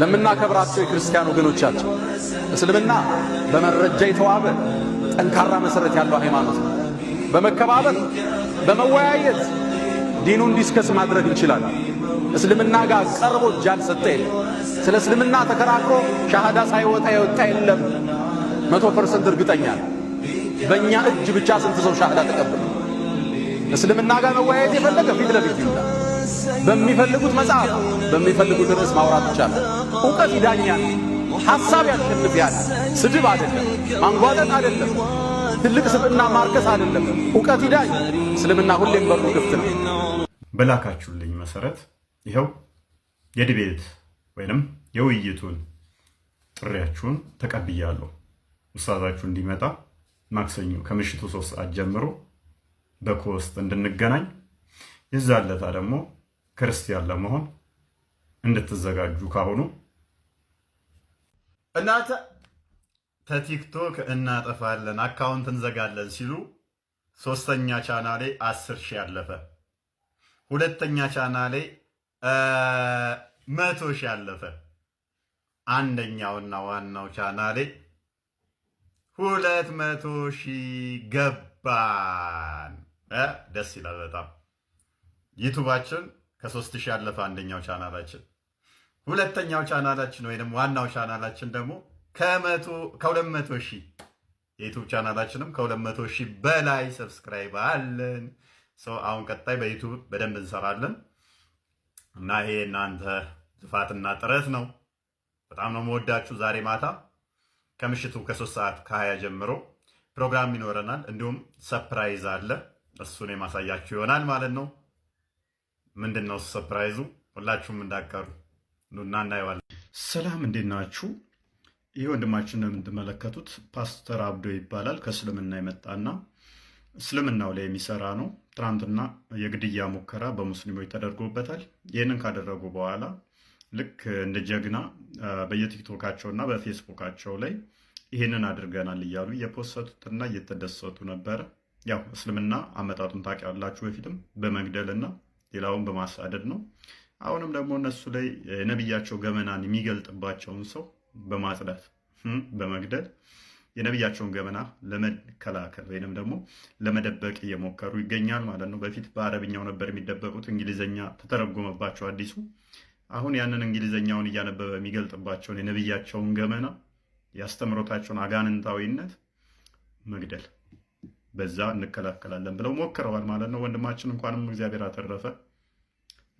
ለምናከብራቸው የክርስቲያን ወገኖቻችን እስልምና በመረጃ የተዋበ ጠንካራ መሰረት ያለው ሃይማኖት ነው። በመከባበር በመወያየት ዲኑን ዲስከስ ማድረግ እንችላለን። እስልምና ጋር ቀርቦ እጅ ያልሰጠ የለም። ስለ እስልምና ተከራክሮ ሻሃዳ ሳይወጣ የወጣ የለም። መቶ ፐርሰንት እርግጠኛ ነው። በእኛ እጅ ብቻ ስንት ሰው ሻሃዳ ተቀብለ። እስልምና ጋር መወያየት የፈለገ ፊት ለፊት ይውላል። በሚፈልጉት መጽሐፍ በሚፈልጉት ርዕስ ማውራት ይቻላል። እውቀት ይዳኛል፣ ሐሳብ ያሸንፍያል። ስድብ አይደለም፣ ማንጓጠጥ አይደለም፣ ትልቅ ስብና ማርከስ አይደለም። እውቀት ይዳኝ። እስልምና ሁሌም በሩ ክፍት ነው። በላካችሁልኝ መሰረት ይኸው የዲቤት ወይንም የውይይቱን ጥሪያችሁን ተቀብያለሁ። ውሳዛችሁ እንዲመጣ ማክሰኞ ከምሽቱ ሶስት ሰዓት ጀምሮ በኮስት እንድንገናኝ የዛለታ ደግሞ ክርስቲያን ለመሆን እንድትዘጋጁ ካሁኑ እናተ ከቲክቶክ እናጠፋለን አካውንት እንዘጋለን ሲሉ ሶስተኛ ቻናሌ አስር ሺህ ያለፈ ሁለተኛ ቻናሌ መቶ ሺህ ያለፈ አንደኛውና ዋናው ቻናሌ ሁለት መቶ ሺህ ገባን። ደስ ይላል በጣም ዩቱባችን ከሶስት ሺህ ያለፈ አንደኛው ቻናላችን። ሁለተኛው ቻናላችን ወይም ዋናው ቻናላችን ደግሞ ከሁለት መቶ ሺህ የዩቱብ ቻናላችንም ከሁለት መቶ ሺህ በላይ ሰብስክራይብ አለን። አሁን ቀጣይ በዩቱብ በደንብ እንሰራለን እና ይሄ እናንተ ልፋትና ጥረት ነው። በጣም ነው መወዳችሁ። ዛሬ ማታ ከምሽቱ ከሶስት ሰዓት ከሀያ ጀምሮ ፕሮግራም ይኖረናል። እንዲሁም ሰፕራይዝ አለ። እሱን የማሳያችሁ ይሆናል ማለት ነው። ምንድን ነው ሰፕራይዙ? ሁላችሁም እንዳቀሩ ኑና እናየዋለን። ሰላም እንዴት ናችሁ? ይህ ወንድማችን ነው የምትመለከቱት። ፓስተር አብዶ ይባላል። ከእስልምና የመጣና እስልምናው ላይ የሚሰራ ነው። ትናንትና የግድያ ሙከራ በሙስሊሞች ተደርጎበታል። ይህንን ካደረጉ በኋላ ልክ እንደ ጀግና በየቲክቶካቸውና በፌስቡካቸው ላይ ይህንን አድርገናል እያሉ እየፖሰቱትና እየተደሰቱ ነበረ። ያው እስልምና አመጣጡን ታውቃላችሁ። በፊትም በመግደልና ሌላውን በማሳደድ ነው። አሁንም ደግሞ እነሱ ላይ የነብያቸው ገመናን የሚገልጥባቸውን ሰው በማጽዳት በመግደል የነብያቸውን ገመና ለመከላከል ወይንም ደግሞ ለመደበቅ እየሞከሩ ይገኛል ማለት ነው። በፊት በአረብኛው ነበር የሚደበቁት፣ እንግሊዝኛ ተተረጎመባቸው አዲሱ። አሁን ያንን እንግሊዝኛውን እያነበበ የሚገልጥባቸውን የነብያቸውን ገመና፣ የአስተምሮታቸውን አጋንንታዊነት መግደል በዛ እንከላከላለን ብለው ሞክረዋል ማለት ነው። ወንድማችን እንኳንም እግዚአብሔር አተረፈ።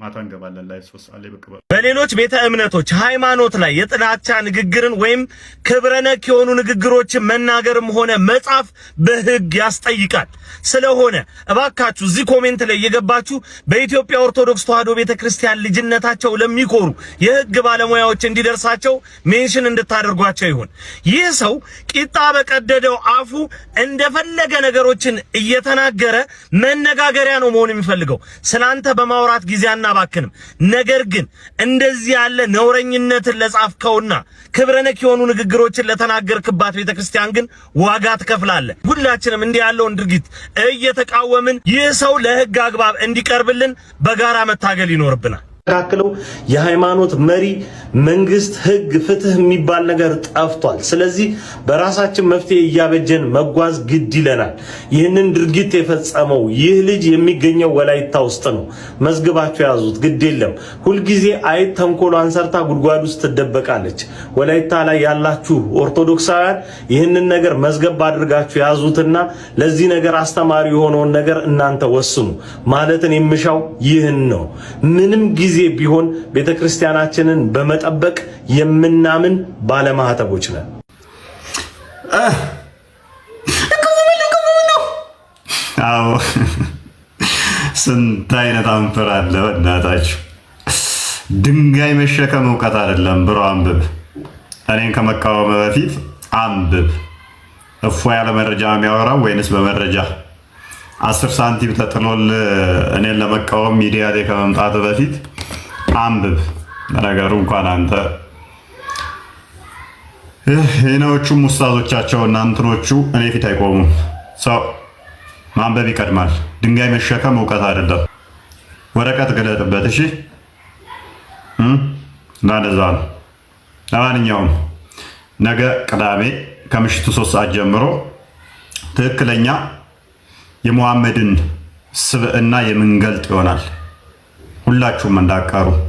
ማታ እንገባለን ላይ ሶስት ሰዓት ላይ በሌሎች ቤተ እምነቶች ሃይማኖት ላይ የጥላቻ ንግግርን ወይም ክብረ ነክ የሆኑ ንግግሮችን መናገርም ሆነ መጻፍ በህግ ያስጠይቃል። ስለሆነ እባካችሁ እዚህ ኮሜንት ላይ እየገባችሁ በኢትዮጵያ ኦርቶዶክስ ተዋህዶ ቤተክርስቲያን ልጅነታቸው ለሚኮሩ የህግ ባለሙያዎች እንዲደርሳቸው ሜንሽን እንድታደርጓቸው ይሁን። ይህ ሰው ቂጣ በቀደደው አፉ እንደፈለገ ነገሮችን እየተናገረ መነጋገሪያ ነው መሆን የሚፈልገው ስላንተ በማውራት ጊዜ አናባክንም። ነገር ግን እንደዚህ ያለ ነውረኝነትን ለጻፍከውና ክብረነክ የሆኑ ንግግሮችን ለተናገርክባት ቤተክርስቲያን ግን ዋጋ ትከፍላለህ። ሁላችንም እንዲህ ያለውን ድርጊት እየተቃወምን ይህ ሰው ለህግ አግባብ እንዲቀርብልን በጋራ መታገል ይኖርብናል። የሚያስተካክለው የሃይማኖት መሪ፣ መንግስት፣ ህግ፣ ፍትህ የሚባል ነገር ጠፍቷል። ስለዚህ በራሳችን መፍትሄ እያበጀን መጓዝ ግድ ይለናል። ይህንን ድርጊት የፈጸመው ይህ ልጅ የሚገኘው ወላይታ ውስጥ ነው። መዝግባቸው የያዙት ግድ የለም። ሁልጊዜ አይት ተንኮሏን ሰርታ ጉድጓድ ውስጥ ትደበቃለች። ወላይታ ላይ ያላችሁ ኦርቶዶክሳውያን ይህንን ነገር መዝገብ አድርጋችሁ ያዙትና ለዚህ ነገር አስተማሪ የሆነውን ነገር እናንተ ወስኑ። ማለትን የምሻው ይህን ነው። ምንም ጊዜ ጊዜ ቢሆን ቤተ ክርስቲያናችንን በመጠበቅ የምናምን ባለማህተቦች ነን። አዎ ስንት አይነት አንፈር አለ። በእናታችሁ ድንጋይ መሸከም እውቀት አይደለም ብሎ አንብብ። እኔን ከመቃወም በፊት አንብብ። እፎ ያለ መረጃ የሚያወራው ወይንስ በመረጃ አስር ሳንቲም ተጥሎል? እኔን ለመቃወም ሚዲያ ላይ ከመምጣት በፊት አንብብ። ነገሩ እንኳን አንተ የነዎቹ ሙስታዞቻቸው እና እንትኖቹ እኔ ፊት አይቆሙም። ሰው ማንበብ ይቀድማል። ድንጋይ መሸከም እውቀት አይደለም። ወረቀት ገለጥበት። እሺ እንዳነዛ ነው። ለማንኛውም ነገ ቅዳሜ ከምሽቱ ሶስት ሰዓት ጀምሮ ትክክለኛ የሙሐመድን ስብዕና የምንገልጥ ይሆናል። ሁላችሁም እንዳቀሩ